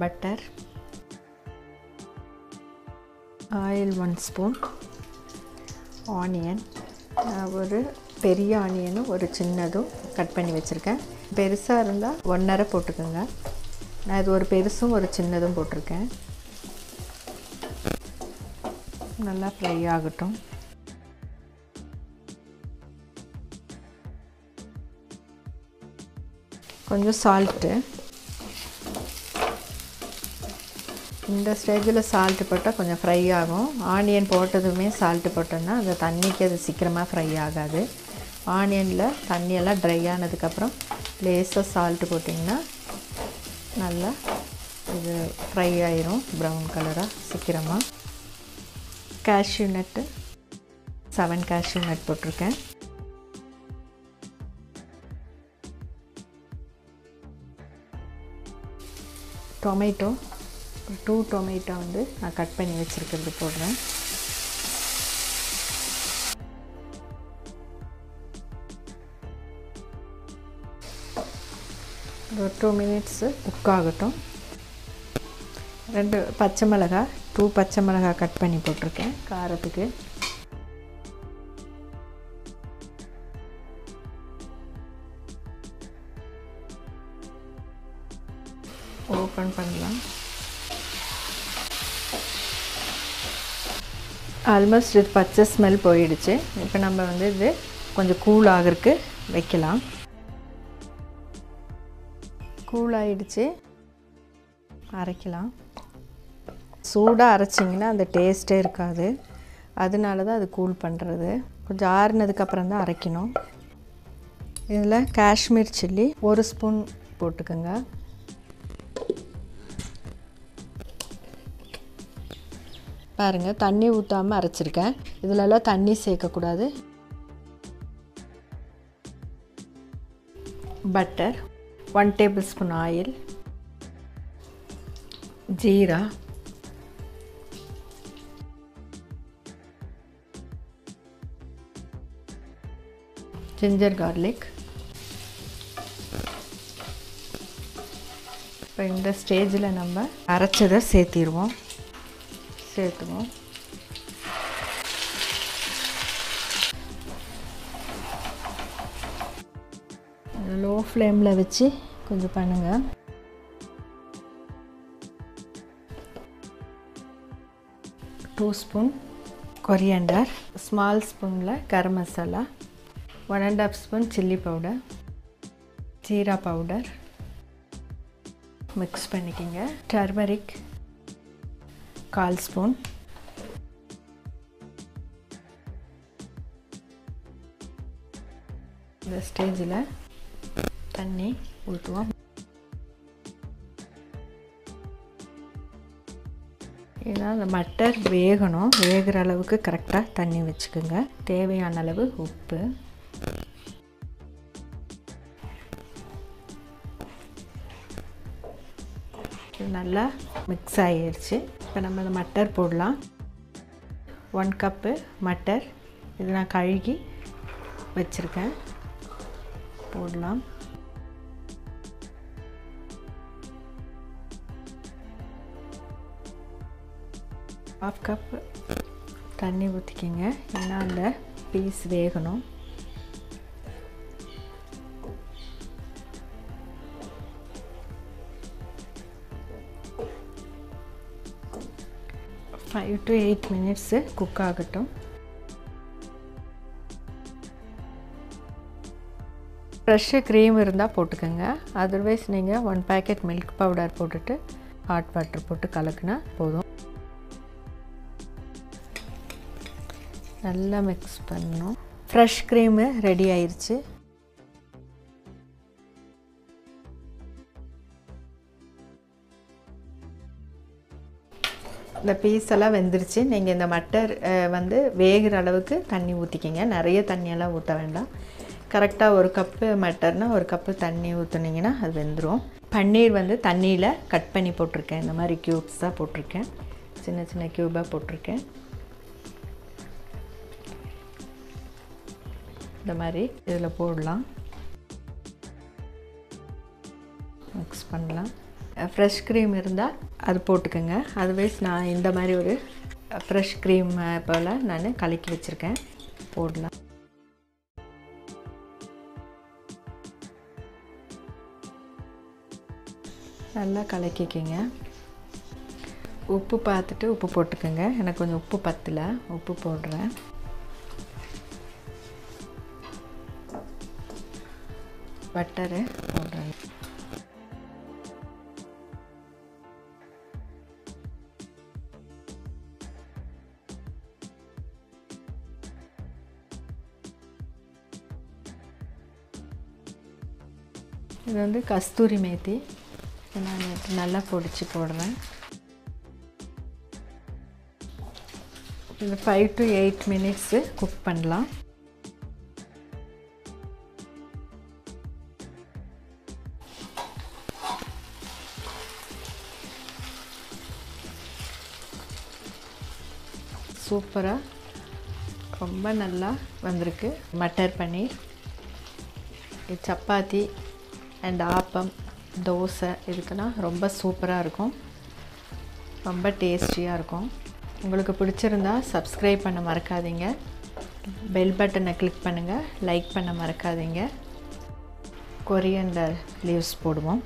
butter oil one spoon onion ஒரு பெரிய ஆனியனும் ஒரு சின்னதும் கட் பண்ணி வச்சுருக்கேன் பெருசாக இருந்தால் ஒன்றரை போட்டுக்கோங்க நான் இது ஒரு பெருசும் ஒரு சின்னதும் போட்டிருக்கேன் நல்லா ஃப்ரை ஆகட்டும் கொஞ்சம் சால்ட்டு இந்த ஸ்டேஜில் சால்ட்டு போட்டால் கொஞ்சம் ஃப்ரை ஆகும் ஆனியன் போட்டதுமே சால்ட்டு போட்டோன்னா அந்த தண்ணிக்கு அது சீக்கிரமாக ஃப்ரை ஆகாது ஆனியனில் தண்ணியெல்லாம் ட்ரை ஆனதுக்கப்புறம் லேஸாக சால்ட்டு போட்டிங்கன்னா நல்லா இது ஃப்ரை ஆயிரும் ப்ரௌன் கலராக சீக்கிரமாக cashew nut seven cashew nut போட்டிருக்கேன் டொமேட்டோ டூ டொமேட்டோ வந்து நான் கட் பண்ணி வச்சுருக்கிறது போடுறேன் ஒரு டூ மினிட்ஸு குக் ஆகட்டும் ரெண்டு பச்சை மிளகா டூ பச்சை மிளகா கட் பண்ணி போட்டிருக்கேன் காரத்துக்கு ஓப்பன் பண்ணலாம் ஆல்மோஸ்ட் இது பச்சை ஸ்மெல் போயிடுச்சு இப்போ நம்ம வந்து இது கொஞ்சம் கூல் ஆகிறதுக்கு வைக்கலாம் கூல் ஆகிடுச்சு அரைக்கலாம் சூடாக அரைச்சிங்கன்னா அந்த டேஸ்ட்டே இருக்காது அதனால தான் அது கூல் பண்ணுறது கொஞ்சம் ஆறுனதுக்கப்புறம் தான் அரைக்கணும் இதில் காஷ்மீர் சில்லி ஒரு ஸ்பூன் போட்டுக்கோங்க பாருங்கள் தண்ணி ஊற்றாமல் அரைச்சிருக்கேன் இதிலெல்லாம் தண்ணி சேர்க்கக்கூடாது butter one tablespoon oil ஜீரா ஜிஞ்சர் கார்லிக் இப்போ இந்த ஸ்டேஜில் நம்ம அரைச்சதை சேர்த்திடுவோம் சேர்த்துவோம் லோ ஃப்ளேமில் வச்சு கொஞ்சம் பண்ணுங்கள் டூ ஸ்பூன் கொரியண்டர் ஸ்மால் ஸ்பூனில் கரம் மசாலா one and half spoon chilli powder ஜீரா பவுடர் மிக்ஸ் பண்ணிக்கிங்க டர்மரிக் கால் ஸ்பூன் இந்த ஸ்டேஜில் தண்ணி ஊற்றுவோம் ஏன்னா அந்த மட்டர் வேகணும் வேகிற அளவுக்கு கரெக்டாக தண்ணி வச்சுக்கோங்க தேவையான அளவு உப்பு நல்லா மிக்ஸ் ஆகிடுச்சு இப்போ நம்ம இந்த மட்டர் போடலாம் ஒன் கப்பு மட்டர் இது நான் கழுகி வச்சுருக்கேன் போடலாம் ஹாஃப் கப் தண்ணி ஊற்றிக்கிங்க ஏன்னா அந்த பீஸ் வேகணும் five to eight minutes cook ஆகட்டும் ஃப்ரெஷ்ஷு க்ரீம் இருந்தால் போட்டுக்கோங்க அதர்வைஸ் நீங்கள் ஒன் பேக்கெட் மில்க் பவுடர் போட்டுட்டு ஹாட் வாட்டர் போட்டு கலக்குனா போதும் நல்லா மிக்ஸ் பண்ணணும் ஃப்ரெஷ் க்ரீமு ரெடி ஆயிடுச்சு இந்த பீஸ் எல்லாம் வெந்துருச்சு நீங்கள் இந்த மட்டர் வந்து வேகிற அளவுக்கு தண்ணி ஊற்றிக்கிங்க நிறைய தண்ணியெல்லாம் ஊற்ற வேண்டாம் கரெக்டாக ஒரு கப்பு மட்டர்னால் ஒரு கப்பு தண்ணி ஊற்றுனீங்கன்னா அது வெந்துடும் பன்னீர் வந்து தண்ணியில் கட் பண்ணி போட்டிருக்கேன் இந்த மாதிரி க்யூப்ஸாக போட்டிருக்கேன் சின்ன சின்ன க்யூபாக போட்டிருக்கேன் இந்த மாதிரி இதில் போடலாம் மிக்ஸ் பண்ணலாம் ஃப்ரெஷ் க்ரீம் இருந்தால் அது போட்டுக்கோங்க அதர்வைஸ் நான் இந்த மாதிரி ஒரு ஃப்ரெஷ் க்ரீம் போல் நான் கலக்கி வச்சுருக்கேன் போடலாம் நல்லா கலக்கிக்கங்க உப்பு பார்த்துட்டு உப்பு போட்டுக்கோங்க எனக்கு கொஞ்சம் உப்பு பத்தலை உப்பு போடுறேன் பட்டரு இது வந்து கஸ்தூரி மேத்தி நான் நல்லா பொடிச்சு போடுறேன் இது five to eight minutes cook பண்ணலாம் சூப்பராக ரொம்ப நல்லா வந்திருக்கு மட்டர் பன்னீர் சப்பாத்தி அண்ட் ஆப்பம் தோசை இதுக்குன்னா ரொம்ப சூப்பராக இருக்கும் ரொம்ப டேஸ்டியாக இருக்கும் உங்களுக்கு பிடிச்சிருந்தா சப்ஸ்கிரைப் பண்ண மறக்காதீங்க பெல் பட்டனை கிளிக் பண்ணுங்கள் லைக் பண்ண மறக்காதீங்க கொரியண்டர் லீவ்ஸ் போடுவோம்